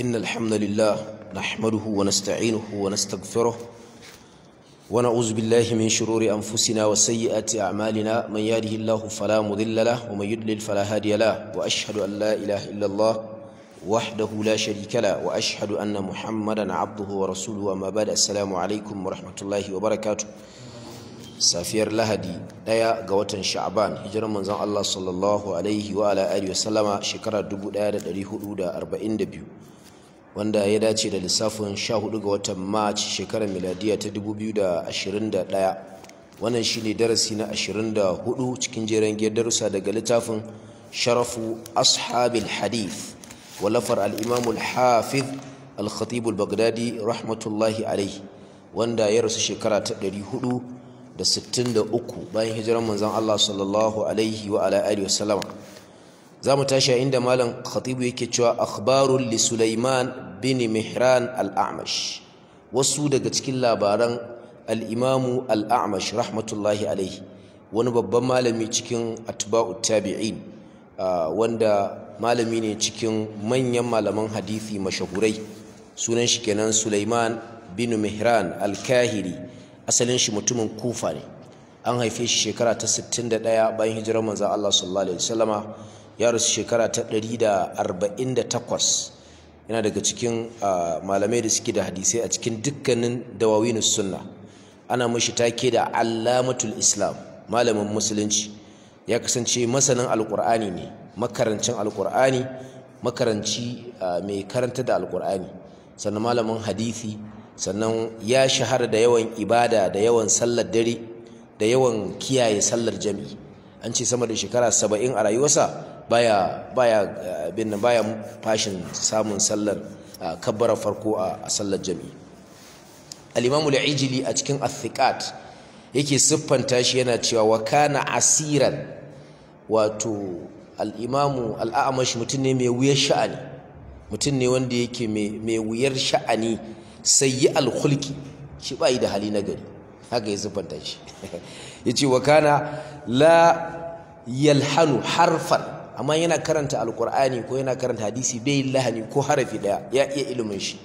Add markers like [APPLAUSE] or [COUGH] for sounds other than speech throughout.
إن الحمد لله نحمده ونستعينه ونستغفره ونعوذ بالله من شرور أنفسنا وسيئات أعمالنا من يهده الله فلا مضل له ومن يضلل فلا هادي له وأشهد أن لا إله إلا الله وحده لا شريك له وأشهد أن محمدا عبده ورسوله أما بعد السلام عليكم ورحمة الله وبركاته safiyar lahadi ɗaya ga watan sha'aban hijirar manzon Allah sallallahu alaihi wa ala alihi wa sallama shekara 1442 wanda ya dace da lissafin 14 ga watan march shekarar miladiya ta 2021 wannan shine darasi na 24 cikin jeren giyar darussa daga littafin sharafu ashabil hadith walafar al-imam hafiz al-khatib al rahmatullahi alaihi wanda ya rasu shekara ta 463 bayan hijirar manzon Allah sallallahu alaihi wa wa za mu tashi a inda malam khatibu yake cewa akhbarun li Sulaiman bin Mihran al-A'mash wasu daga cikin labaran al imamu al-A'mash rahmatullahi alaihi wani babban malami cikin atba'u tabi'in wanda malami ne cikin manyan malaman hadisi mashahurai sunan shi kenan Sulaiman bin Mihran al-Kahiri asalin shi mutumin Kufa ne an haife shi shekara ta 61 bayan hijirar manzon Allah sallallahu alaihi wasallama ya rasu shekara ta 148 yana daga cikin malamai da suke da hadisai a cikin dukkanin dawawinus sunna ana mashi take da allamatul islam malamin musulunci ya kasance masanin alkur'ani ne makarancin alkur'ani makaranci mai karanta da alkur'ani sannan malamin hadithi sannan ya shahara da yawan ibada da yawan sallar dare da yawan kiyaye sallar jami'i an ce sama da shekara saba'in a rayuwarsa baya baya fashin samun sallar kabbara farko a sallar jami al-imam al-ijli a cikin athiqat yake siffanta shi yana cewa wa kana asiran wato al-imam al-a'mash mutum ne mai wuyar sha'ani mutum ne wanda yake mai wuyar sha'ani sayyi al-khulqi shi bai da hali na gari haka ya siffanta shi [LAUGHS] yace wa kana la yalhanu harfan amma yana karanta alkur'ani ko yana karanta hadisi bai lahani ko harafi daya ya iya ilimin shi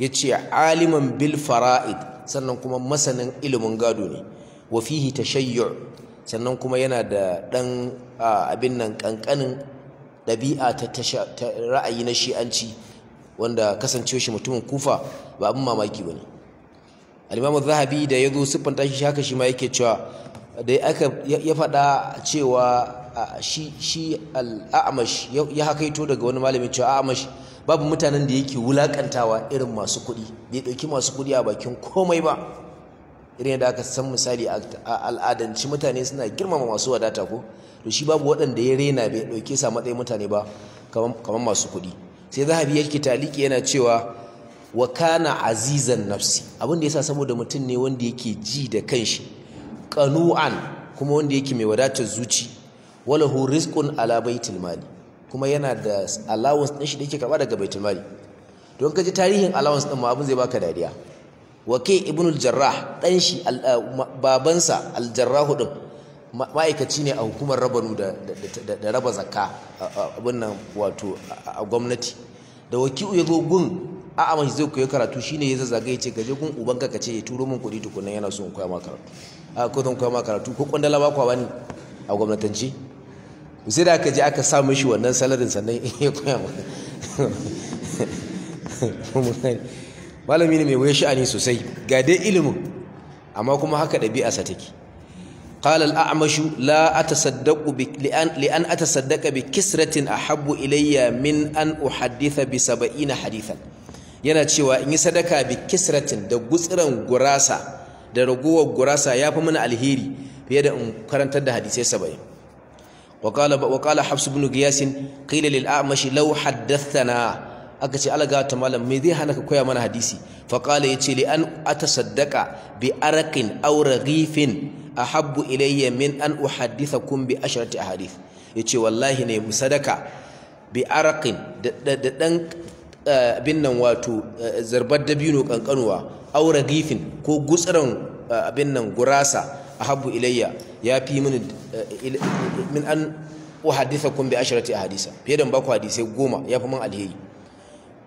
yace aliman bil fara'id sannan kuma masanin ilimin gado ne wa fihi tashayyu' sannan kuma yana da dan abin nan kankanin ɗabi'a ta ra'ayi na shi'anci wanda kasancewa shi mutumin kufa ba abin mamaki bane al-imam zahabi da yazo siffanta shi haka shi ma yake cewa da ya faɗa cewa shi shi al'amash ya hakaito daga wani malamin cewa al'amash babu mutanen da yake wulakantawa irin masu kuɗi bai ɗauki masu kuɗi a bakin komai ba irin yadda aka san misali a al'adanci mutane suna girmama masu wadata ko to shi babu waɗanda ya rena bai ɗauke sa matsayin mutane ba kamar masu kuɗi sai zahabi yake taliki yana cewa wa kana azizan nafsi abin da yasa saboda mutum ne wanda yake ji da kanshi kanu'an kuma wanda yake mai wadatar zuci walahu rizqun ala baitul mali kuma yana da allowance din shi da yake karba daga baitul mali don kaji tarihin allowance din ma abin zai baka dariya wake ibnul jarrah dan shi babansa al jarrah din ma'aikaci ne a hukumar rabanu da raba zakka abin nan wato a gwamnati da wakiu ya zo gun a'a mashi zai koyi karatu shine ya zazzaga ya ce gaje kun ubanka ka ce ya turo min kuɗi tukunan yana so in koya ma karatu ko zan koya ma karatu ko kwandala ba kwa bani a gwamnatance sai da aka je aka sa mishi wannan salarin sannan [LAUGHS] ya koya malami ne mai waya sha'ani sosai ga dai ilimin amma kuma haka ɗabi'arsa take قال الأعمش لا أتصدق لأن لأن ilayya min أحب إلي من أن أحدث na حديثا yana cewa in yi sadaka bi kisratin da gutsiran gurasa da ragowar gurasa ya fi mana alheri fiye da in karantar da hadisai saba'in وقال وقال حفص بن قياس قيل للأعمش لو حدثنا aka ce alaga ta malam me zai hana ka koya mana hadisi fa qala yace li an atasaddaqa bi araqin aw raghifin ahabbu ilayya min an uhaddithakum bi asharati ahadith yace wallahi ne musadaka bi araqin da dan eh, abin nan wato eh, zarbar dabino kankanuwa Aura raghifin ko gutsuran eh, abin nan gurasa ahabbu ilayya ya fi min min an kun bi a ahadisa fiye da baku hadisai goma ya fi man alheri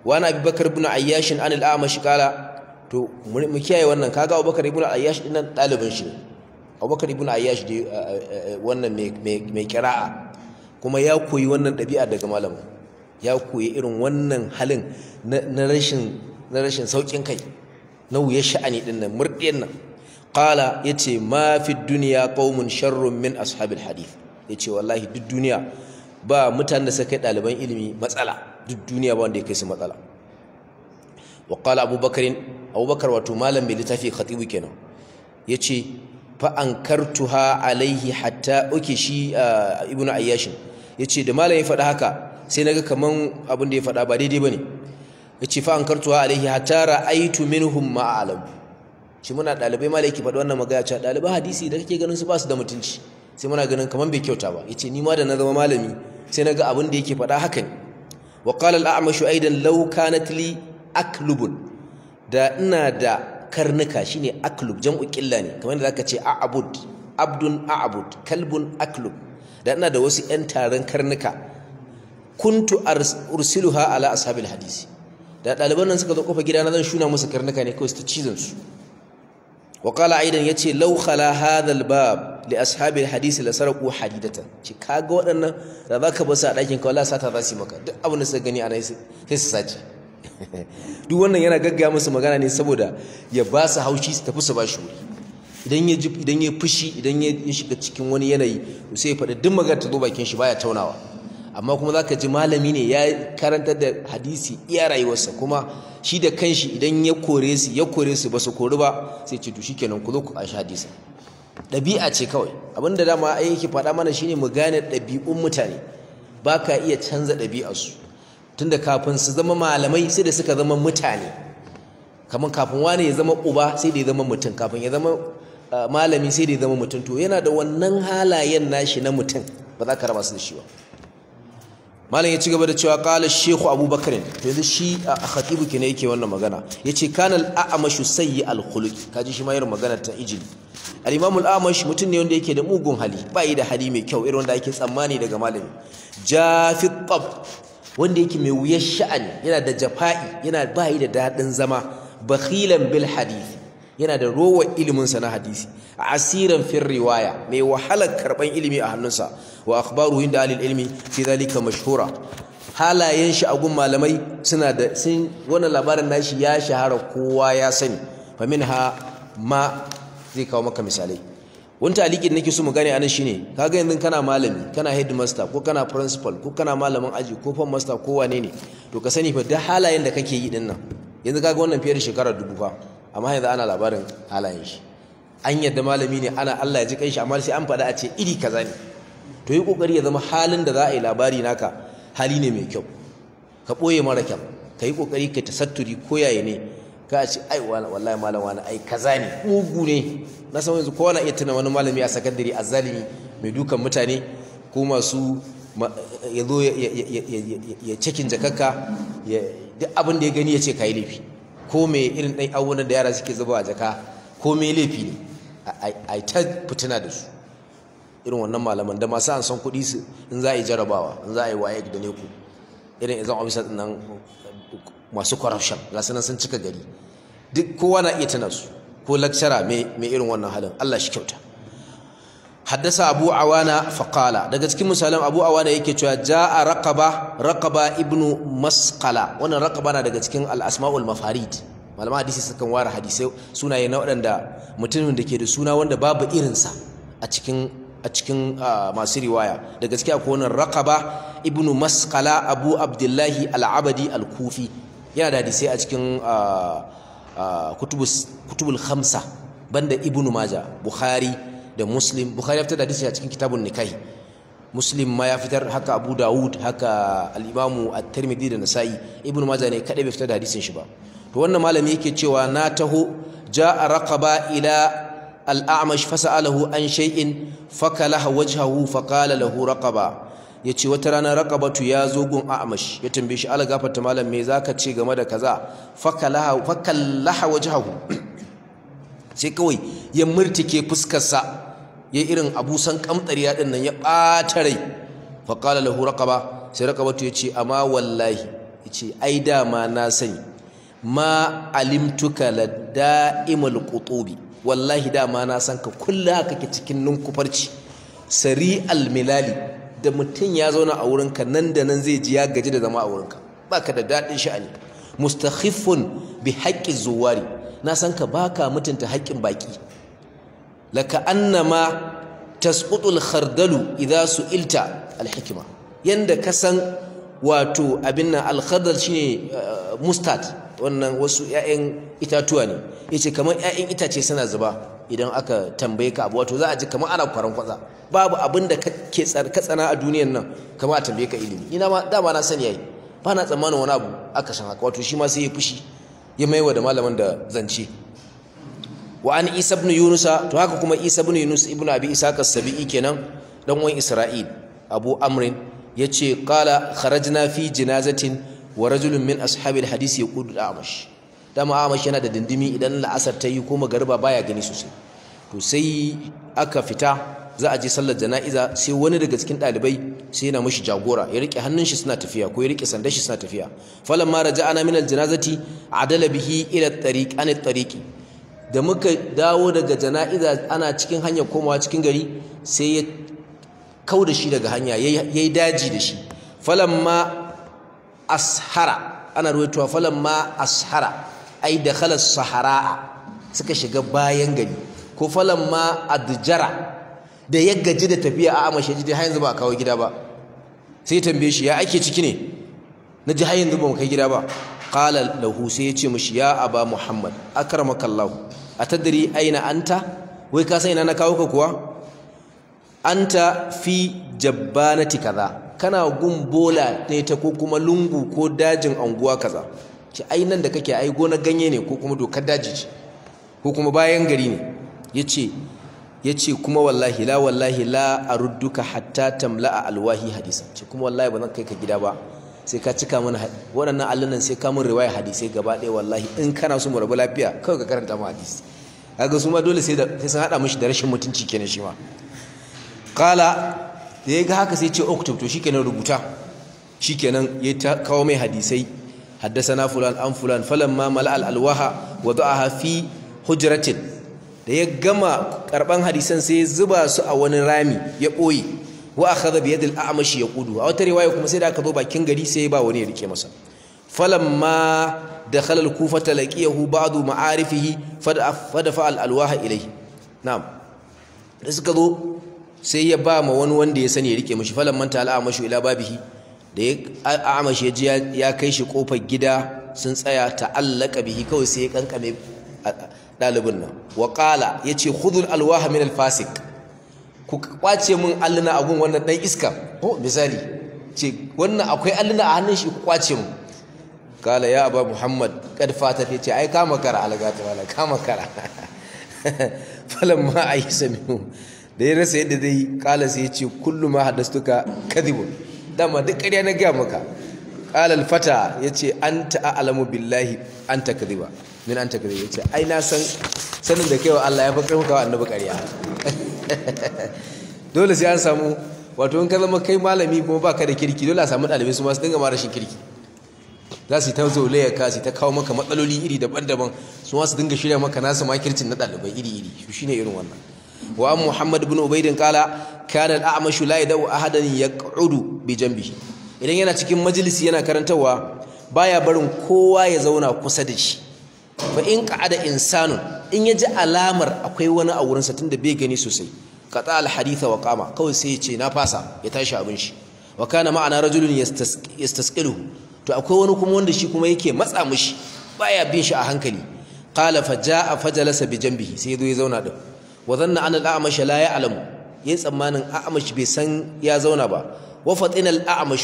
wa na bakar ibn ayyashin an al'ama shi kala to mu kiyaye wannan kaga bakar ibn ayyash din nan dalibin shi bakar ibn ayyash dai wannan mai kira'a kuma ya koyi wannan ɗabi'a daga malamin ya koyi irin wannan halin na rashin sauƙin kai na wuya sha'ani ɗin nan murɗiyar nan qala yace ma fi dunya qaumun sharrun min ashabil hadith yace wallahi duk duniya ba mutanen da suka kai ɗaliban ilimi matsala duk duniya ba wanda ya kai su matsala wa qala abubakar abubakar wato malam mai littafi khatibu kenan yace fa ankartuha alaihi hatta oke shi ibnu ayyashin yace da malam ya faɗa haka sai naga kaman abin da ya faɗa ba daidai bane yace fa ankartuha alaihi hatta ra'aitu minhum ma'alam shi muna ɗalibai malaki faɗi wannan magana cewa dalibai hadisi da kake ganin su ba su da mutunci sai muna ganin kamar bai kyauta ba yace ni ma da na zama malami sai na ga abin da yake faɗa haka ne wa qala al-a'mashu aidan law kanat li aklubun da ina da karnuka shine aklub jam'u qilla ne kamar da zaka ce a'bud abdun a'bud kalbun aklub da ina da wasu yan taron karnuka kuntu ursiluha ala ashabil hadisi da ɗaliban nan suka zo kofa gidana zan shuna musu karnuka ne kawai su ta cizon su وقال أيضا يتي لو خلا هذا الباب لأصحاب الحديث لسرقوا حديدة شي كاغا ودنا da zaka bar sa dakin ka wallahi sata zasu maka duk abin da suka gani ana sai su sace duk wannan yana gaggaya musu magana ne saboda ya ba su haushi su tafi su ba shi wuri idan ya idan fushi idan ya shiga cikin wani yanayi sai ya faɗi duk magana ta zo bakin shi baya taunawa amma kuma za ka ji malami ne ya karanta da hadisi iya rayuwarsa kuma shi da kanshi idan ya kore su ya kore su ba su kori ba sai ce to shikenan ku zo ku a hadisa. ɗabi'a ce kawai abin da dama ai yake faɗa mana shine mu gane ɗabi'un mutane ba ka iya canza ɗabi'arsu tunda kafin su zama malamai sai da suka zama mutane kamar kafin wani ya zama uba sai da ya zama mutum kafin ya zama malami sai da ya zama mutum to yana da wannan halayen nashi na mutum ba za ka raba su da shi ba malam ya ci gaba da cewa kala shehu abubakar to yanzu shi a khatibu ne yake wannan magana yace kana al'amashu amashu sayyi al-khuluq kaji shi ma magana ta ijili al-imam mutum ne wanda yake da mugun hali ba yi da hali mai kyau irin wanda ake tsammani daga malami jafi tab wanda yake mai wuyar sha'ani yana da jafa'i yana ba yi da daɗin zama bakhilan bil hadith yana da rowa iliminsa na hadisi a asiran fil riwaya mai wahalar karban ilimi a hannunsa wa akhbaru inda alil ilmi fi zalika mashhura halayen shi a gun malamai suna da sun wannan labarin nashi ya shahara kowa ya sani fa minha ma zai kawo maka misalai wani talikin nake so mu gane anan shine kaga yanzu kana malami kana headmaster ko kana principal ko kana malamin aji ko form master ko wane ne to ka sani fa duk halayen da kake yi dinnan yanzu kaga wannan fiye da shekara dubu fa amma yanzu ana labarin halayen shi an yadda malami ne ana Allah ya ji kanshi amma sai an faɗa a ce iri kaza ne to yi kokari ya zama halin da za a yi labari naka hali ne mai kyau ka ɓoye mara kyau ka yi kokari ka tasatturi koyaye ne ka ce ai wallahi malam wani ai kaza ne ugu ne na san yanzu kowa na iya tuna wani malami a sakandare azzalimi mai dukan mutane ko masu ya zo ya cikin jakakka duk abin da ya gani ya ce ka yi laifi ko me irin ɗan awunan da yara suke zuba a jaka ko laifi ne a ta fitina da su irin wannan malaman da masu an san kuɗi su in za a yi jarabawa in za a yi waye da ne ku irin izan officer nan masu corruption ga su nan sun cika gari duk kowa na iya tana su ko lakcara mai irin wannan halin Allah shi kyauta haddasa abu awana faƙala daga cikin misalan abu awana yake cewa a rakaba rakaba ibnu masqala wannan rakaba na daga cikin al-asma'ul mafarid malama hadisi sukan wara hadisai sunaye na waɗanda mutumin da ke da suna wanda babu irinsa a cikin a cikin masu riwaya daga cikin akwai wannan raqaba ibnu masqala abu abdullahi al-abadi al-kufi yana da hadisai a cikin kutubul khamsa banda ibnu maja bukhari da muslim bukhari ya fitar da hadisi a cikin kitabun nikahi muslim ma ya fitar haka abu dawud haka al'imamu a tirmidhi da nasa'i ibnu maza ne kadai bai fitar da hadisin shi ba to wannan malami yake cewa na taho ja'a raqaba ila al-a'mash fas'alahu an shay'in fakalaha wajhahu faqala lahu raqaba yace wata rana raqabatu ya zo gun a'mash ya tambaye shi ala gafarta malam me zaka ce game da kaza fakalaha fakalaha wajhahu [CLEARS THROAT] sai kawai ya murtike fuskar sa ya irin abusan kamtsariya din nan ya bata rai fa qala lahu raqaba sai raqabatu yace amma wallahi yace ai dama na sani ma alimtuka ladaimul qutubi wallahi dama na san ka kullu haka ke cikin ninkufarci sari milali da mutum ya zauna a wurin ka nan da nan zai ji ya gaji da zama a wurin ka baka da daɗin sha'ani mustakhifun bi haqqi zuwari na san ka baka mutunta haƙƙin baƙi laka annama tasqutul khardalu idza su'ilta alhikma yanda ka san wato abin nan alkhardal shine mustard wannan wasu ƴaƴan itatuwa ne yace kamar ƴaƴan itace suna zuba idan aka tambaye ka abu wato za a ji kamar ana kwaran kwatsa babu abin da kake tsana a duniyar nan kamar a tambaye ka ilimi ina ma dama na sani yayi ba na tsammanin wani abu aka san haka wato shi ma sai ya fushi ya maiwa da malamin da zance wa an isa ibn yunusa to haka kuma isa ibn yunus ibn abi isa sabi'i kenan dan uwan isra'il abu amrin yace qala kharajna fi jinazatin wa rajulun min ashabil hadisi yaqulu al-amash dama amash yana da dindimi idan la'asar ta yi ko magariba baya gani sosai to sai aka fita za a je sallar jana'iza sai wani daga cikin ɗalibai sai yana mashi jagora ya rike hannun shi suna tafiya ko ya rike sandar shi suna tafiya falamma raja'ana min al-janazati adala bihi ila tariq an tariqi da muka dawo daga jana'iza ana cikin hanyar komawa cikin gari sai ya kau da shi daga hanya ya yi daji da shi Falon ma ashara ana ruwaitowa ma ashara ai da halar sahara'a suka shiga bayan gari ko falon ma adjara da ya gaji da tafiya a amashe ji har yanzu ba a kawo gida ba sai tambaye shi ya ake ciki ne na ji har yanzu ba mu kai gida ba Ƙalal da sai ya ce mishi ya aba muhammad akramakallahu atadri aina anta wai ka san ina na kawo ka kuwa anta fi jabbanati kaza kana gun bola ne ta ko kuma lungu ko dajin anguwa kaza ce ai nan da kake ai gona ganye ne ko kuma dokar daji ce ko kuma bayan gari ne Ya ce kuma wallahi la wallahi la arudduka hatta a alwahi hadisa ce kuma wallahi ba zan kai ka gida ba sai ka cika mana waɗannan allunan sai ka mun riwaya hadisai gaba ɗaya wallahi in kana su murabu lafiya kawai ka karanta mu hadisi kaga su ma dole sai sun haɗa mishi da rashin mutunci kenan shi ma kala da ya ga haka sai ce oktob to shikenan rubuta shikenan ya kawo mai hadisai na fulan an fulan falan ma mala al alwaha wa da'aha fi da ya gama karban hadisan sai ya zuba su a wani rami ya ɓoye wa akhadha bi yadi al-a'mashi yaqudu a wata riwaya kuma sai da aka zo bakin gari sai ba wani ya rike masa falamma dakhala al-kufata laqiyahu ba'du ma'arifihi fadafa al-alwaha ilayhi na'am da suka zo sai ya ba ma wani wanda ya sani ya rike mishi falamman ta al-a'mashu ila babihi da ya a'mashi ya ya kai shi kofar gida sun tsaya ta'allaka bihi kawai sai ya kankame ɗalibin nan wa qala yace khudhul alwaha min al ku kwace min alluna a gun wannan dan iska ko misali ce wannan akwai alluna a hannun shi ku kwace min kala ya aba muhammad kad fata ta ce ai kama kara algata wala kama kara [LAUGHS] falamma ma ai samiu da ya rasa yadda dai kala sai ya ce kullu ma hadastuka kadhibun dama duk ƙarya na gaya maka kala alfata ya ce anta a'lamu billahi anta kadiba min anta kadiba ya ce ai na san sanin da wa Allah ya fi karfafa annabi ƙarya [LAUGHS] [LAUGHS] dole sai an samu wato in ka zama kai malami kuma ba ka da kirki dole a samu ɗalibai su masu dinga ma rashin kirki za su yi ta zaulaya ka su ta kawo maka matsaloli iri daban-daban su masu dinga shirya maka nasu makircin na ɗalibai iri-iri shi ne irin wannan wa an muhammad bin ubaidin kala kana al'amashu la a ahadan yaq'udu bi janbihi idan yana cikin majalisi yana karantarwa baya barin kowa ya zauna kusa da shi fa in qa'ada insanun in ya ji alamar akwai wani a wurinsa da bai gani sosai qata al wa kama kawai sai ya ce na fasa ya tashi abin shi wa kana ma'ana rajulun yastasqilu to akwai wani kuma wanda shi kuma yake matsa mishi baya bin shi a hankali qala fa jaa fajalasa bi janbihi sai zo ya zauna din wa dhanna an al la ya'lamu tsammanin a'mash bai san ya zauna ba wa fatinal al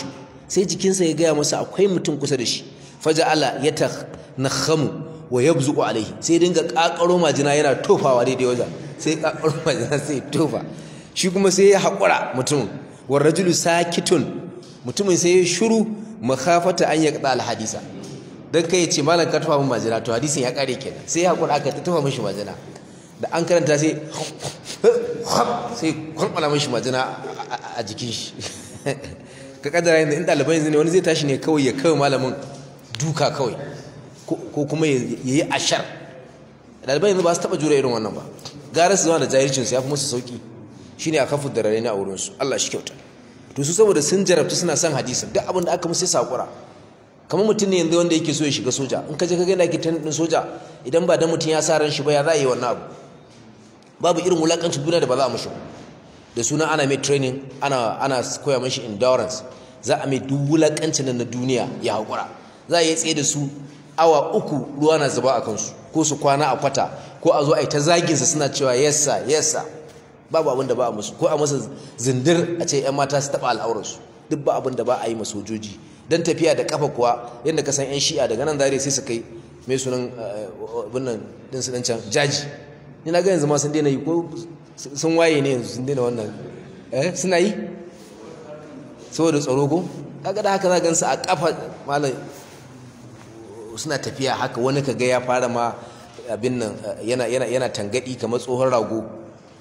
sai jikinsa ya gaya masa akwai mutum kusa da shi faja'ala yatakhnakhamu wa yabzuqu alaihi sai dinga kakaro majina yana tofawa daidai waza sai kakaro [LAUGHS] majina sai tofa shi kuma sai ya haƙura mutum war rajulu sakitun mutumin sai ya shiru makhafata an yaqta al hadisa dan kai ce malam ka tofa min majina to hadisin ya kare kenan sai ya haƙura aka tofa mishi majina da an karanta sai [LAUGHS] sai kwalkwala mishi majina a jikin shi [LAUGHS] ka kadara yanzu in ɗaliban yanzu ne wani zai tashi ne kawai ya kawai malamin duka kawai ko kuma ya yi ashar ɗalibai yanzu ba su taɓa jure irin wannan ba gara su zama da jahilcinsu ya fi musu sauƙi shine a kafin da rare na wurinsu Allah shi kyauta to su saboda sun jarabtu suna son hadisi duk abin da aka musu sai sakura kamar mutum ne yanzu wanda yake so ya shiga soja in ka je ka ga yana kitan din soja idan ba dan mutum ya sa ran shi ba ya za a yi wannan abu babu irin wulakancin duniya da ba za a mushi da suna ana mai training ana ana koya mashi endurance za a mai duk wulakancin na duniya ya haƙura za a yi tsaye da su awa uku ruwa na zuba a kansu ko su kwana a kwata ko a zo a yi ta zaginsa suna cewa yassa yassa babu abin da ba a musu ko a masa zindir a ce 'yan mata su taɓa al'aurarsu duk ba abin da ba a yi sojoji don tafiya da kafa kuwa yadda ka san 'yan shi'a daga nan zare sai su kai mai sunan wannan eh, din su can jaji ni na ga yanzu ma sun daina yi ko sun waye ne yanzu sun daina wannan eh suna yi saboda tsaro ko kaga da haka za gansu a kafa malam suna tafiya haka wani kaga ya fara ma abin nan yana tangadi kamar tsohon rago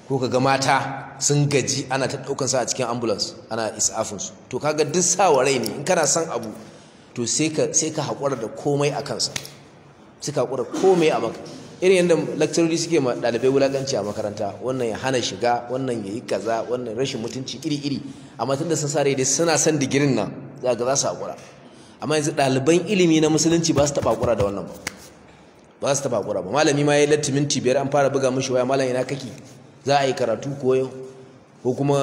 ko kaga mata sun gaji ana ta daukan sa a cikin ambulance ana isafin su to kaga duk sawa rai ne in kana son abu to sai ka sai ka haƙura da komai a kansa sai ka hakura komai a maka irin yadda lecturers suke ma ɗalibai wulakanci a makaranta wannan ya hana shiga wannan ya yi kaza wannan rashin mutunci iri-iri amma tunda sun sare dai suna son digirin nan za ga za su haƙura amma yanzu ɗaliban ilimi na musulunci ba su taɓa kura da wannan ba ba su taɓa kura ba malami ma ya yi latti minti biyar an fara buga mishi waya malam ina kake za a yi karatu ko yau ko kuma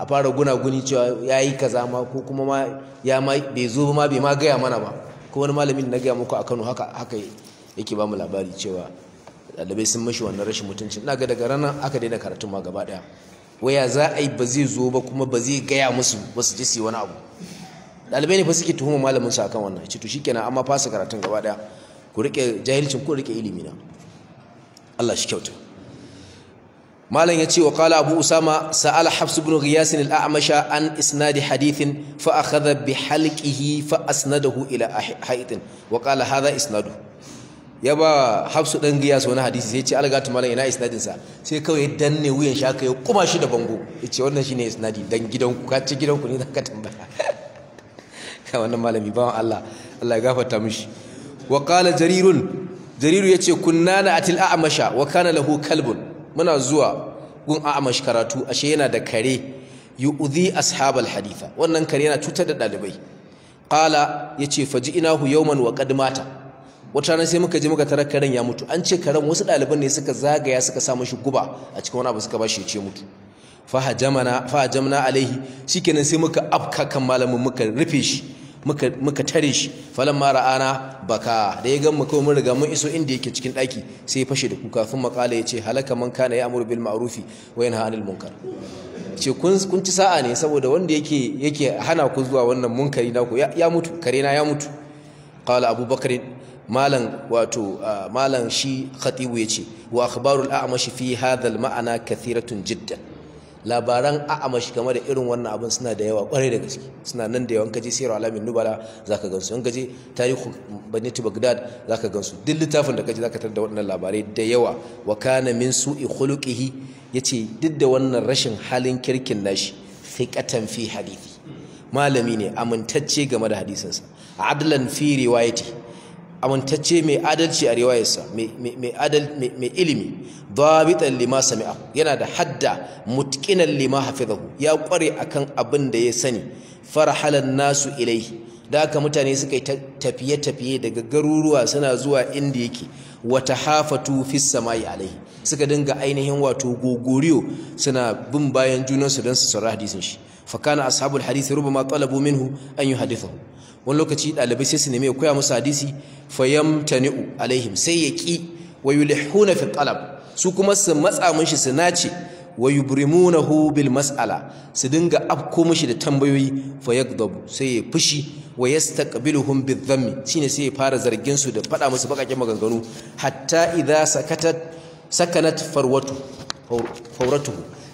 a fara guna-guni cewa ya yi kaza ma ko kuma ma ya ma bai zo ma bai ma gaya mana ba ko wani malamin na gaya muku a kano haka haka yake ba mu labari cewa ɗalibai sun mashi wannan rashin mutunci ina ga daga ranar aka daina karatun ma gaba ɗaya waya za a yi ba zai zo ba kuma ba zai gaya musu ba su je su yi wani abu Dalibai ne fa suke tuhuma malamin su akan wannan cito shikenan amma fasa karatun gaba daya ku rike jahilcin ku rike ilimi na Allah shi kyauta malam ya ce wa qala abu usama sa'al hafs ibn ghiyas al-a'masha an isnad hadithin fa akhadha bi halqihi fa asnadahu ila haitin wa qala hadha isnadu ya ba hafsu dan giyas wani hadisi sai ce algatu malam ina isnadin sa sai kawai danne wuyan shaka ya kuma shi da bango yace wannan shine isnadi dan gidanku ka ci gidanku ne zaka tambaya [LAUGHS] wannan malami bawan Allah Allah ya gafarta mishi wa qala jarirun jariru yace kunna na atil a'masha wa kana lahu kalbun muna zuwa gun a'mash karatu ashe yana da kare yu'dhi ashabal haditha wannan kare yana cutar da dalibai qala yace faji'nahu yawman wa qad mata wata rana sai muka je muka tarar karen ya mutu an ce karen wasu ɗaliban ne suka zagaya suka sa mashi guba a cikin wani abu suka bashi ya ce mutu fahajamna alaihi shikenan sai muka afka kan malamin muka rufe shi muka tare shi falan ma ra'ana, baka da ya ga mu kawai riga mun iso inda yake cikin daki sai ya fashe da kuka sun makala ya ce halaka man kana ya bil ma'rufi wa yanha anil munkar ce kun ci sa'a ne saboda wanda yake yake hana ku zuwa wannan munkari naku ya mutu kare na ya mutu qala abubakar malam wato malam shi khatibu yace wa akhbarul a'mashi fi hadha al ma'ana kathiratun jiddan labaran a'amashi game da irin wannan abin suna da yawa kwarai da gaske suna nan da yawan kaje sayarwa alamin nubala zaka gansu in kaje tarihu baniti bagdad zaka gansu duk littafin da kaje zaka tar da waɗannan labarai da yawa wa kana min su'i khuluqihi yace duk da wannan rashin halin kirkin nashi thiqatan fi hadithi malami ne amintacce game da hadisinsa adlan fi riwayati amintacce mai adalci a riwayarsa mai ilimi dabitan lima sami'ahu yana da hadda mutqinan lima hafizahu ya kware akan abin da ya sani farhalan nasu ilaihi da haka mutane suka yi tafiye tafiye daga garuruwa suna zuwa inda yake wata hafatu fis samai alaihi suka dinga ainihin wato gogoriyo suna bin bayan junansu don su saurari hadisin shi fakana ashabul hadisi rubama talabu minhu an yuhadithahu wani lokaci ɗalibai sai su nemi ya koya musu hadisi fayamtani'u alaihim sai ya ƙi wa yulihuna fi talab su kuma su matsa mishi su nace wa yubrimunahu bil mas'ala su dinga afko mishi da tambayoyi fa yakdabu sai ya fushi wa yastaqbiluhum bil shine sai ya fara zargin su da faɗa musu bakakken maganganu hatta idza sakatat sakanat farwatu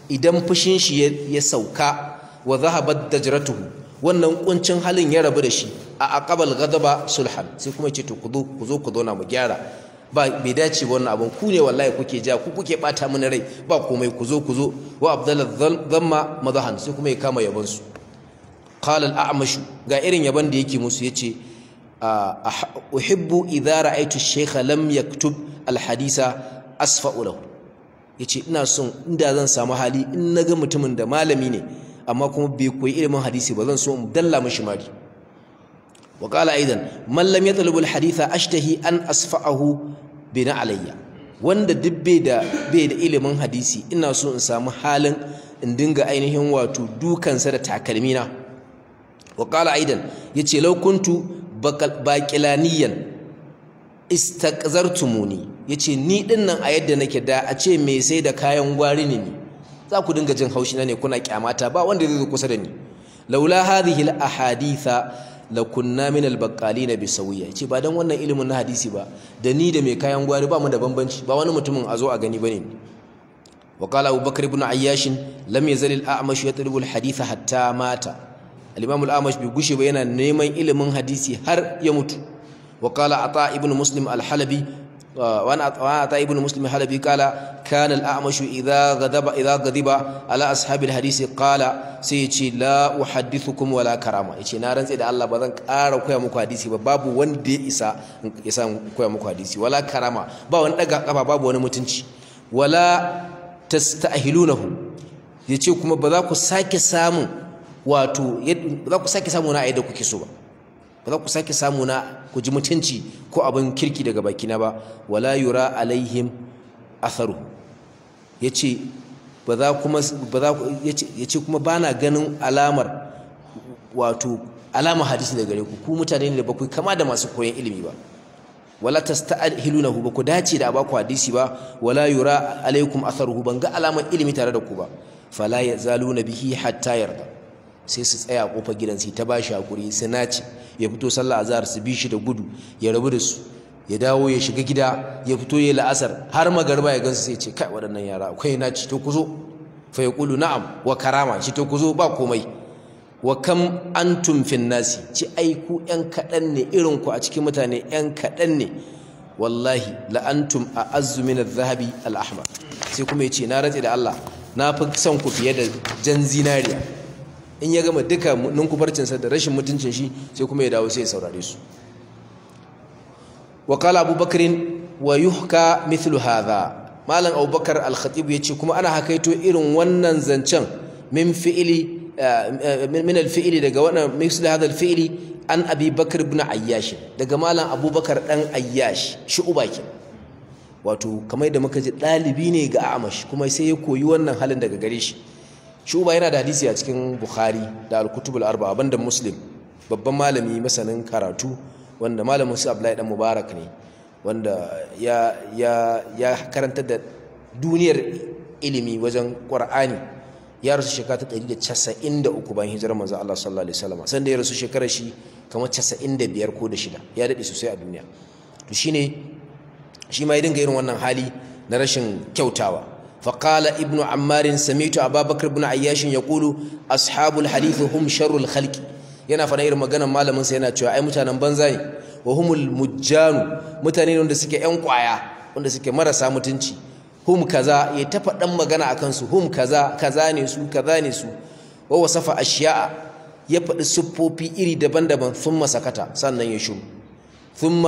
idan fushin shi ya sauka wa zahabat dajratuhu wannan kuncin halin ya rabu da shi a aqabal ghadaba sulhan sai kuma ce to ku ku zo ku zo na mu gyara ba bai dace ba wannan abun ku ne wallahi kuke ja ku kuke bata mana rai ba komai ku zo ku zo wa abdalal dhamma madahan sai kuma ya kama yaban su qala al-a'mashu ga irin yaban da yake musu yace uhibbu idha ra'aytu ash-shaykha lam yaktub al-hadisa asfa'u lahu yace ina son inda zan samu hali in naga mutumin da malami ne amma kuma bai koyi ilimin hadisi ba zan so in dalla mishi mari وقال أيضا من لم يطلب الحديث أشتهي أن أصفعه bina alayya wanda duk bai da ilimin hadisi ina so in samu halin in dinga ainihin wato dukansa da takalmina wa qala aidan yace law kuntu baqilaniyan Ya yace ni din nan a yadda nake da a ce me sai da kayan gwari ne ni za ku dinga jin haushi na ne kuna kyamata ba wanda zai zo kusa da ni laula hadhihi al ahaditha la kunna min na bi sawiya ce ba dan wannan ilimin na hadisi ba da ni da mai kayan gwari ba mu da bambanci ba wani mutumin a zo a gani bane wa qala Abu Bakr ibn Ayyash lam yazal al-A'mash yatlubu al-hadith hatta mata al-Imam al-A'mash bi gushe ba yana neman ilimin hadisi har ya mutu wa qala Ata ibn Muslim al-Halabi وانا اتى ابن مسلم الحلبي قال كان الاعمش اذا غضب اذا غضب على اصحاب الحديث قال سيتي لا احدثكم ولا كرامه يتي نارن ده الله بزن قارا كوي مكو حديثي بابو وندي يسا يسا كوي مكو حديثي ولا كرامه با وان دغا قبا بابو وني متنشي ولا تستاهلونه يتي كما بزاكو ساكي سامو واتو بزاكو ساكي سامو نا ايدو كوكي سو ba za ku sake samu na ku ji mutunci ko abin kirki daga bakina ba wala yura alaihim atharu yace ba kuma ba bana ganin alamar wato alama hadisi daga gare ku mutane ne da bakwai kama da masu koyon ilimi ba wala tasta'hilunahu ba ku dace da abaku hadisi ba wala yura alaikum atharuhu ban ga alamar ilimi tare da ku ba fala na bihi hatta yarda sai su tsaya a kofar gidan su ta ba shi hakuri su nace ya fito sallah azhar su bi shi da gudu ya rabu da su ya dawo ya shiga gida ya fito ya la'asar har magarba ya gansu sai ce kai waɗannan yara akwai na ci to kuzo fa yaqulu na'am wa karama shi to kuzo ba komai wa kam antum fin nasi ci aiku yan kaɗan ne irin ku a cikin mutane yan kaɗan ne wallahi la a azumin min adh-dhahabi sai kuma yace na ratse da Allah na fi son ku fiye da jan zinariya in ya gama duka ninkufarcinsa da rashin mutuncin shi sai kuma ya dawo sai ya saurare su wakala abubakarin wa yuhka mithlu hadha malam abubakar al-khatib ce kuma ana hakaito irin wannan zancen min fi'ili eh, eh, min al-fi'ili daga wannan mithlu hadha al-fi'ili an abi bakar ibn ayyash daga malam abubakar dan ayyash shi ubaki wato kamar da muka ji dalibi ne ga amash kuma sai ya koyi wannan halin daga gare shi shuba yana da hadisi a cikin bukhari da alkutubul arba abin banda muslim babban malami masanin karatu wanda malamin su abdullahi dan mubarak ne wanda ya karanta da duniyar ilimi wajen qur'ani ya rasu shekara ta 193 bayan hijirar manzo Allah sallallahu alaihi wasallam sanda ya rasu shekara shi kamar 95 ko da shida ya dade sosai a duniya to shine shi ma ya dinga irin wannan hali na rashin kyautawa فقال ابن عمار سمعت أبا بكر بن عياش يقول أصحاب الحديث هم شر الخلق yana faɗa irin maganar malamin sa yana cewa ai mutanen banza ne wa humul mujjanu mutane ne wanda suke yan kwaya wanda suke marasa mutunci hum kaza ya ta faɗan magana akan su hum kaza kaza ne su kaza ne su wa wasafa ashiya ya faɗi siffofi iri daban-daban sun masakata sannan ya shiru ثم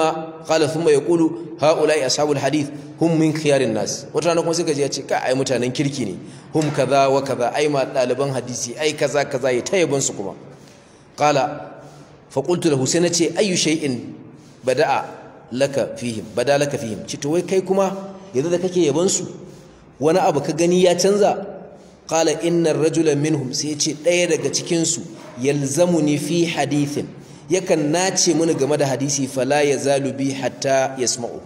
قال ثم يقول هؤلاء أصحاب الحديث هم من خيار الناس وترانا كما سيكا جياتي كا أي متانين كيركيني هم كذا وكذا أي ما طالبان حديثي أي كذا كذا يتايبون سكما قال فقلت له سنتي أي شيء بدأ لك فيهم بدأ لك فيهم تتوي كي كما إذا ذاك كي يبنسو وانا أبا كغني ياتنزا قال إن الرجل منهم سيتي دايرك تكنسو يلزمني في حديث yakan nace mini game da hadisi fala ya zalubi hatta yasma'u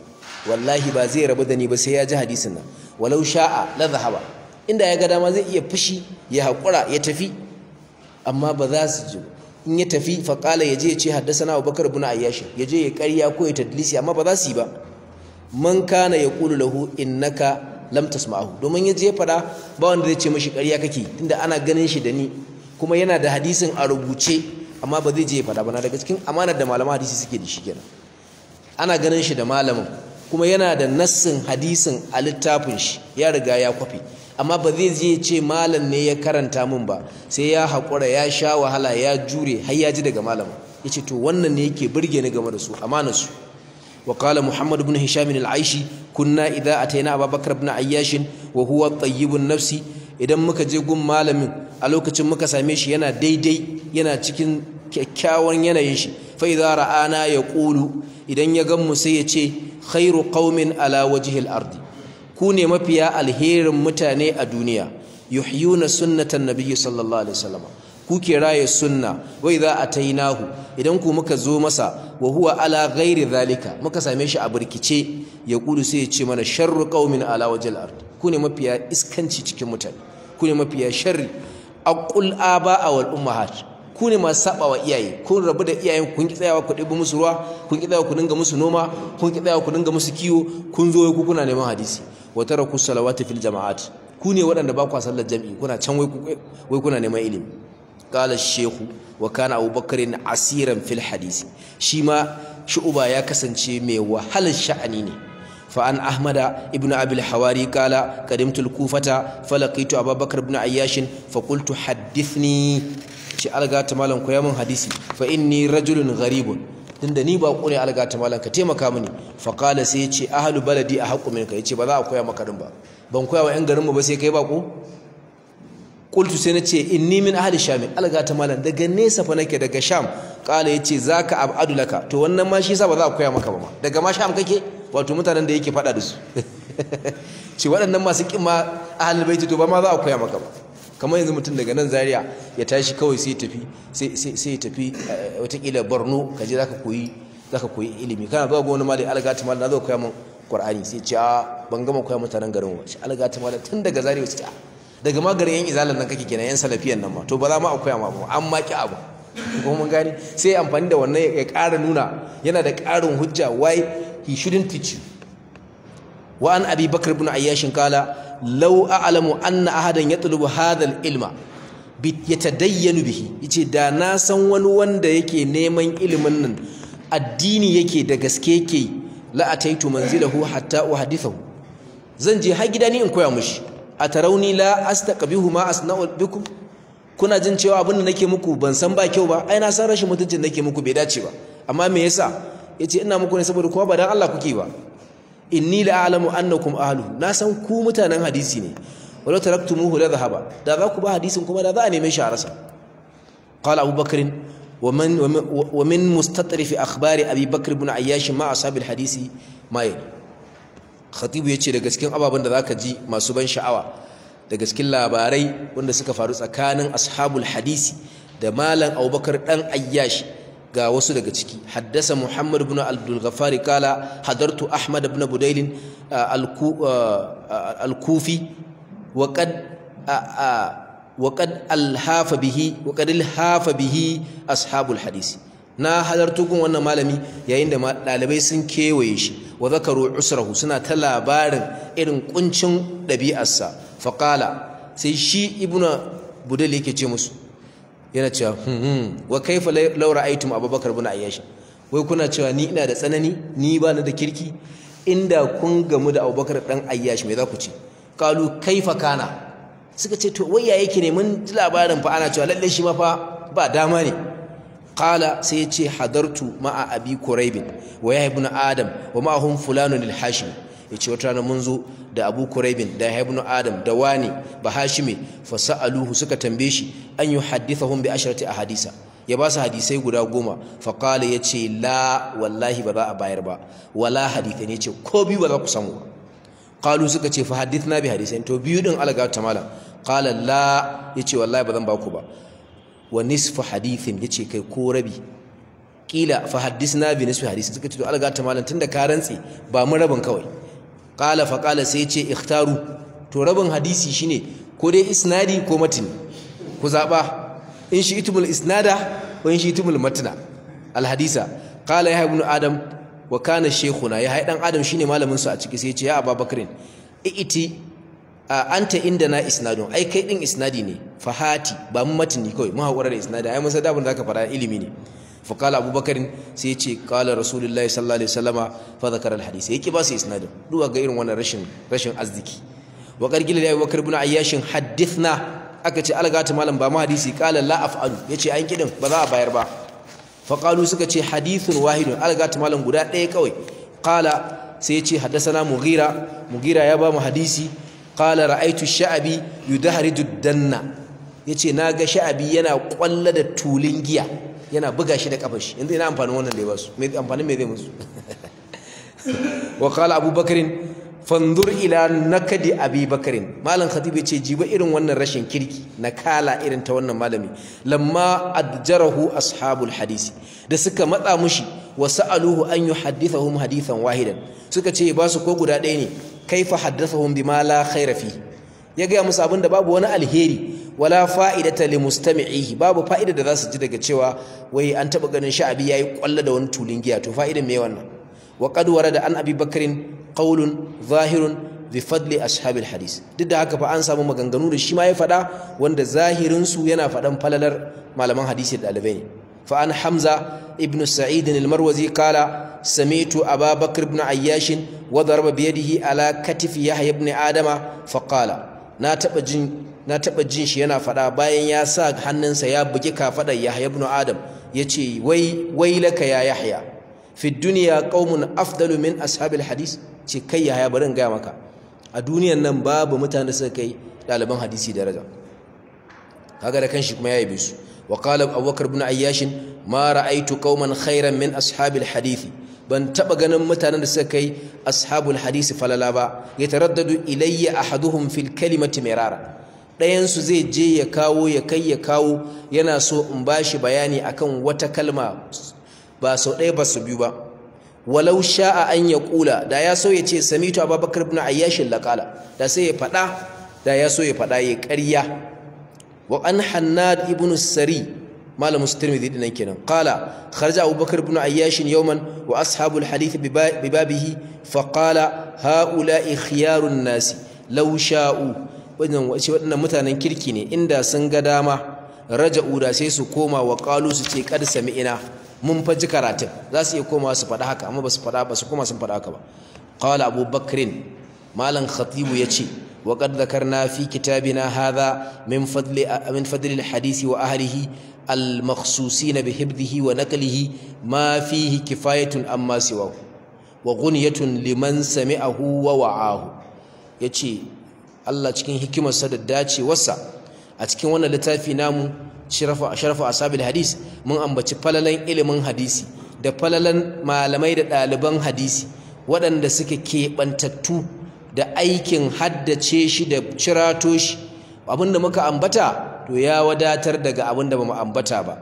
wallahi ba zai rabu da ni ba sai ya ji hadisin nan walau sha'a la zahaba inda ya ga dama zai iya fushi ya haƙura ya tafi amma ba za su ji in ya tafi faƙala ya je ya ce haddasana abubakar bin ayyashi ya je ya ƙarya ko ya tadlisi amma ba za su yi ba man kana ya kulu lahu innaka lam tasma'ahu domin ya je ya faɗa ba wanda zai ce mashi ƙarya kake tunda ana ganin shi da ni kuma yana da hadisin a rubuce amma ba zai je ya faɗa ba na daga cikin amanar da malaman hadisi suke da shi kenan ana ganin shi da malamin kuma yana da nassin hadisin a littafin shi ya riga ya kwafi amma ba zai je ce malam ne ya karanta min ba sai ya haƙura ya sha wahala ya jure har ya ji daga malamin ya ce to wannan ne yake burge ni game da su amanar su وقال محمد بن هشام العيشي كنا إذا أتينا أبا بكر بن عياش وهو طيب النفس idan muka je gun malamin a lokacin muka same shi yana daidai yana cikin kyakkyawan yanayin shi fai za ra'ana ƙulu idan ya gan mu sai ya ce khairu qaumin ala wajhil ardi ku ne mafiya alherin mutane a duniya yuhyuna sunnatan nabiyyi sallallahu alaihi wasallam ku ke raye sunna za a tainahu?" idan ku muka zo masa wa huwa ala ghairi zalika muka same shi a birkice ya Kulu sai ya ce mana sharru qaumin ala wajhil ardi ku ne mafiya iskanci cikin mutane ku ne mafiya sharri aqul aba awal ummahat ku ne masu saba wa iyaye kun rabu da iyayen kun ki tsayawa ku ɗibi musu ruwa kun ki tsayawa ku dinga musu noma kun ki tsayawa ku dinga musu kiwo kun zo ku kuna neman hadisi wa taraku salawati fil jama'at ku ne waɗanda ba ku sallar jami'i kuna can wai kuna neman ilimi qala shehu wa kana abubakar asiran fil hadisi shi ma shu'uba ya kasance mai wahalar sha'ani ne فعن أحمد ابن أبي الحواري قال قدمت الكوفة فلقيت أبا بكر بن عياش فقلت حدثني ألقى تمالا قيام حديثي rajulun رجل غريب tunda ni bako ne alga ta malan ka taimaka mini Fakala qala sai yace ahlu baladi ahqqu minka yace ba za a koya maka din ba ban koya wa yan garin mu ba sai kai bako qultu sai nace inni min ahli sham alga ta malam daga nesa fa nake daga sham qala yace zaka abadu laka to wannan ma shi yasa ba za a koya maka ba ma daga ma sham kake wato mutanen da yake fada da su [LAUGHS] ce waɗannan masu kin ma ahlul baiti to ba ma za a koya maka ba kamar yanzu mutum daga nan zaria ya tashi kawai sai tafi sai tafi eh, watakila borno kaje zaka koyi zaka koyi ilimi kana zuwa gona ma da alga ta malam na zo koya min qur'ani sai ce a ban gama koya mutanen garin ba shi alga ta tun daga zaria sai ce daga magarin yan izalan nan kake kenan yan salafiyan nan ma to ba za ma akwai ma ba an maki abu ko mun gani sai amfani da wannan ya ƙara nuna yana da ƙarin hujja why he shouldn't teach you wa an abi bakr ibn ayyash qala law a'lamu anna ahadan yatlubu hadha al-ilma yatadayyanu bihi yace da na san wani wanda yake neman ilimin nan addini yake da gaske yake la ataitu manzilahu hatta uhaddithahu zan je har gida ni in koya mushi a tarauni la astaqbihu ma asna'u bikum kuna jin cewa abin da nake muku ban san ba kyau ba ai na san rashin mutuncin nake muku bai dace ba amma me yasa yace ina muku ne saboda kuma ba dan Allah kuke ba inni la a'lamu annakum ahlu na san ku mutanen hadisi ne walau taraktumuhu la dhahaba da za ku ba hadisin kuma da za a neme shi a rasa qala abubakar wa man wa min mustatrif akhbari abi bakr ibn ayyash ma ashabil hadisi ma khatibu ya ce daga cikin ababen da za ka ji masu ban sha'awa daga cikin labarai wanda suka faru tsakanin ashabul hadisi da malam abubakar dan ayyashi ga wasu daga ciki haddasa muhammad ibn abdul ghaffari kala hadartu ahmad ibn budailin al-kufi wa qad alhafa bihi ashabul hadisi na halartu gun wannan malami yayin da ɗalibai sun kewaye shi wa zakaru usrahu suna ta labarin irin kuncin ɗabi'arsa faƙala sai shi ibuna budal yake ce musu yana cewa hmm, hmm wa kaifa law ra'aytum abubakar ibn ayyash wai kuna cewa ni ina da tsanani ni ba ni da kirki inda kun gamu da abubakar dan ayyash me za ku ce kalu kaifa kana suka ce to wai ya yake ne mun labarin fa ana cewa lalle shi ma fa ba dama ne Ƙala sai ya ce hadartu ma'a abi kuraibin wa ya ibn adam wa ma'ahum fulanun al-hashim ce wata rana mun zo da abu kuraibin da ya ibn adam da wani ba hashimi fa luhu suka tambaye shi an yuhaddithahum bi a hadisa. ya ba su hadisai guda goma fa ya ce la wallahi ba za a bayar ba wala hadithan ce ko biyu ba za ku samu ba qalu suka ce fa na bi hadisai? to biyu din alga ta malam qala ya ce wallahi ba zan ba ku ba wa nisfu hadithin ya ce kai ko rabi kila fa hadisna bi nisfi hadisi suka ce to alga ta malam tunda ka rantsi ba mu rabin kawai qala fa qala sai ce ikhtaru to rabin hadisi shine ko dai isnadi ko matni ku zaba in shi itumul isnada wa in shi itumul matina. al hadisa qala ya ibn adam wa kana shekuna ya dan adam shine malamin su a ciki sai yace ya ababakrin iti anta inda na isnadun ai kai din isnadi ne fahati ba mu matini kawai mu haƙura da isnadi ai mun da dabin zaka fara ilimi ne fa kala abubakar sai ya ce kala rasulullahi sallallahu alaihi wasallama fa zakara alhadith yake ba su isnadin duwa ga irin wannan rashin rashin arziki wa qargil ya abubakar ibn ayyashin hadithna aka ce algata malam ba mu hadisi kala la af'alu yace an kidin ba za a bayar ba fa qalu suka ce hadithun wahidun algata malam guda ɗaya kawai kala sai ya ce na mughira mughira ya ba mu hadisi ƙala Ra'aitu sha'abi ya danna na ga sha'abi yana kwallo da tulin giya yana buga shi da ƙafashi yanzu yana amfani wannan da ya basu amfanin mai zai musu [LAUGHS] wa abubakar fanzur ila nakadi kadi bakarin malam khatib ce jiba irin wannan rashin kirki na kala irin ta wannan malami lamma adjarahu ashabul hadisi da suka matsa mushi wa sa'aluhu an hadithahum hadithan wahidan suka ce ba su ko guda ɗaya ne kaifa haddathahum bima la khaira fi ya gaya musu abinda babu wani alheri wala fa'idata li mustami'ihi babu fa'ida da za su ji daga cewa wai an taba ganin sha'abi yayi kwalla da wani tulin giya to fa'idan me wannan wa qad warada an abi bakrin qaulun zahirun bi fadli ashabil hadis duk da haka fa an samu maganganu da shi ma ya faɗa wanda zahirin su yana faɗan falalar malaman hadisi da ɗalibai ne فان حمزه ابن سعيد المروزي قال سميت ابا بكر بن عياش وضرب بيده على كتف يحيى بن ادم فقال نا تبا yana faɗa. bayan ya sa hannansa ya buge ka fada yahya ibn adam yace wai wai laka yahya fi dunya qaumun afdalu min ashab al ce kai yahya barin gaya maka a duniyan nan babu mutane sai kai daliban hadisi daraja kaga kanshi kuma ya yabe su wa qala abubakar ibn ayyashin ma ra'aytu qauman khairan min ashabil hadisi ban taba ganin mutanen da suka kai ashabul hadisi falala ba yataraddadu ilayya ahaduhum fil kalimati mirara ɗayansu zai je ya kawo ya kai ya kawo yana so in ba shi bayani akan wata kalma ba sau ɗaya ba su biyu ba walau sha'a an ya kula da ya so ya ce samitu abubakar ibn ayyashin laƙala da sai ya faɗa da ya so ya faɗa ya ƙarya wa an hannad ibn sari malamin su tirmidhi dinan kenan qala kharaja abubakar ibn ayyash yawman wa ashabul hadith bi babihi fa qala haula'i khiyarun nas law sha'u wannan wace waɗannan mutanen kirki ne inda sun ga dama raja'u da sai su koma wa qalu su ce qad sami'ina mun fa ji karatun za su iya komawa su faɗa haka amma ba su faɗa koma sun faɗa haka ba qala abubakrin malam khatibu ce. وقد ذكرنا في كتابنا هذا من فضل من فضل الحديث وأهله المخصوصين بحفظه ونقله ما فيه كفاية أما سواه وغنية لمن سمعه ووعاه يتي الله cikin hikimarsa da dacewarsa a cikin wannan littafi namu sharafa sharafa ashabil hadis mun ambaci falalen ilimin hadisi da falalan malamai da ɗaliban hadisi waɗanda suke keɓantattu da aikin haddace shi da cirato shi abinda muka ambata to ya wadatar daga abinda bamu ambata ba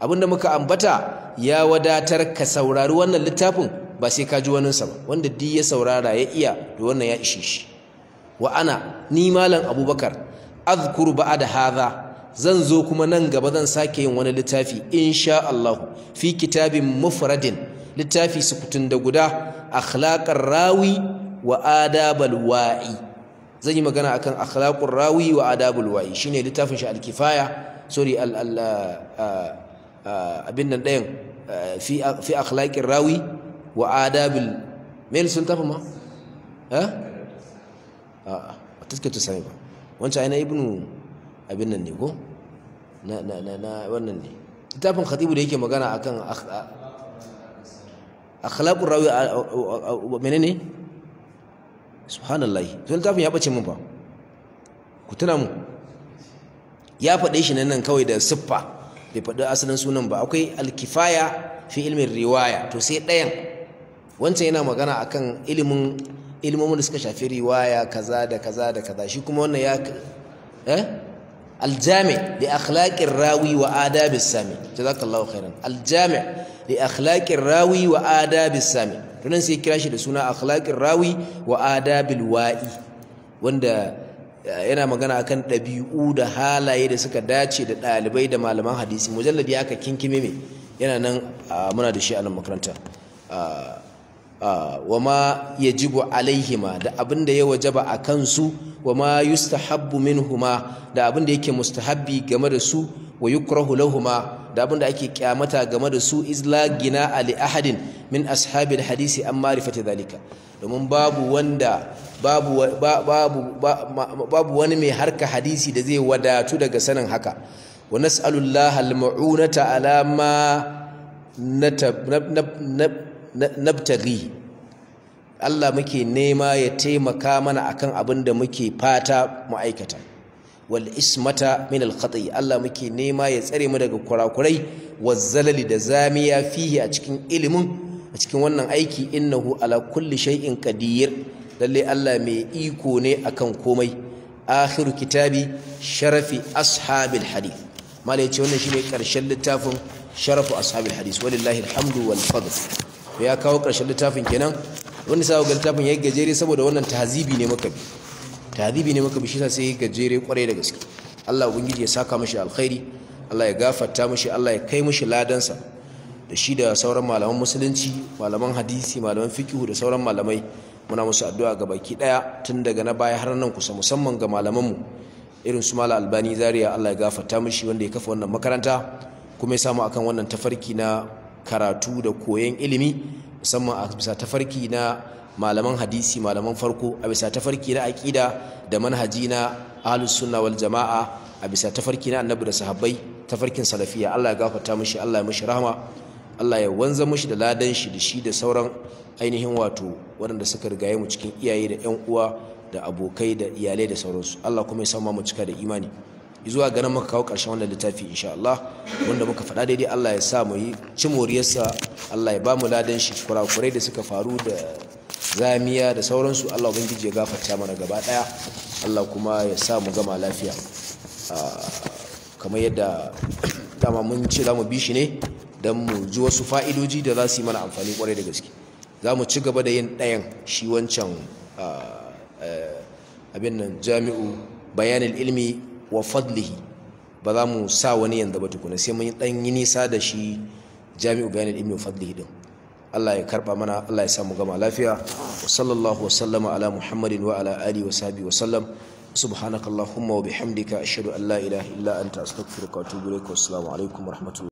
abinda muka ambata ya wadatar ka saurari wannan littafin ba sai ka ji waninsa ba wanda duk ya saurara ya iya to wannan ya ishe shi wa ana ni malam abubakar azkuru ba'da hadha zan zo kuma nan gaba zan sake yin wani littafi insha Allah fi kitabin mufradin littafi sukutun da guda akhlaqar rawi wa adabal wa'i zan yi magana akan akhlaqur rawi wa adabul wa'i shine littafin shi al-kifaya sorry al al uh, uh, uh, abin nan dayan fi fi akhlaqir rawi wa adabil mail sun tafi ma ha a a to sai ba wancan ai na ibnu abin nan ne ko na na na wannan ne littafin khatibu da yake magana akan akhlaqur rawi menene subhanallahi to littafin ya bace min ba ku tuna mu ya faɗe shi nan kawai da siffa bai faɗi asalin sunan ba akwai alkifaya fi ilmin riwaya to sai ɗayan wancan yana magana akan ilimin ilmomin da suka shafi riwaya kaza da kaza da kaza shi kuma wannan ya eh aljami li akhlaqir rawi wa adabis sami jazakallahu khairan aljami li akhlaqir rawi wa adabis sami to nan sai ya kira shi da suna akhlaqir rawi wa adabil wa'i wanda eh, yana magana akan dabi'u da halaye da suka dace da ɗalibai da malaman hadisi mujalladi aka kinkime me yana nan muna da shi a makaranta wa ma yajibu alaihima da abin da ya wajaba a kansu wa ma yustahabbu minhuma da abin da yake mustahabbi game da su wa yukrahu lahuma da abinda ake kyamata game da su izla gina ali ahadin min ashabil hadisi an marifata dalika domin babu wanda babu wani mai harka hadisi da zai wadatu daga sanin haka wa nas'alullah al-mu'unata ala ma nabtaghi Allah muke nema ya taimaka mana akan abin da muke fata mu aikata wal ismata min al khata'i Allah muke nema ya tsare mu daga kurakurai wazzalali da zamiya fihi a cikin ilimin a cikin wannan aiki innahu ala kulli shay'in qadir lalle Allah mai iko ne akan komai akhiru kitabi sharafi ashabil hadith mallai ce wannan shine karshen littafin sharafu ashabil hadith walillahi alhamdu wal fadl ya kawo karshen littafin kenan Wannan sa ga littafin yayi gajere saboda wannan tahzibi ne muka bi tadibi ne maka bishisa sai gajere kwarai da gaske Allah ubangiji ya saka mashi alkhairi Allah ya gafarta mashi Allah ya kai mashi ladansa da shi da sauran malaman musulunci malaman hadisi malaman fikihu da sauran malamai muna musu addu'a ga baki daya tun daga na baya har nan kusa musamman ga mu irin su mala albani zaria Allah ya gafarta mashi wanda ya kafa wannan makaranta kuma ya samu akan wannan tafarki na karatu da koyon ilimi musamman a bisa tafarki na malaman hadisi malaman farko a bisa tafarki na aƙida da manhaji na ahlus sunna wal jama'a a bisa tafarki na annabi da sahabbai tafarkin salafiya Allah ya gafarta mishi Allah ya mishi rahama Allah ya wanza mishi da ladan shi da shi da sauran ainihin wato waɗanda suka rigaye mu cikin iyaye da ƴan uwa da abokai da iyalai da sauransu Allah kuma ya sama mu cika da imani zuwa ganin muka kawo ƙarshen wannan littafi insha Allah wanda muka faɗa daidai Allah ya sa mu yi cimoriyarsa Allah ya ba mu ladan shi kurakurai da suka faru da zamiya da sauransu Allah ubangiji ya gafarta mana gaba daya Allah kuma ya sa mu gama lafiya ah, kamar yadda [COUGHS] dama mun ce za mu bi shi ne don mu ji wasu fa'idoji da za su yi mana amfani kwarai da gaske za mu ci gaba da yin ɗayan shi wancan ah, eh, abin nan jami'u bayanin ilmi wa fadlihi ba za mu sa wani yanzu ba tukuna sai mun yi ɗan yi nisa da shi jami'u bayanin ilmi wa fadlihi din Allah ya karba mana Allah ya samu gama lafiya sallallahu wa sallama ala muhammadin wa ala alihi wa sahbihi wa sallam subhanakallahumma wa bihamdika ashhadu an la ilaha illa anta astaghfiruka wa atubu ilaik wa assalamu alaikum wa rahmatullahi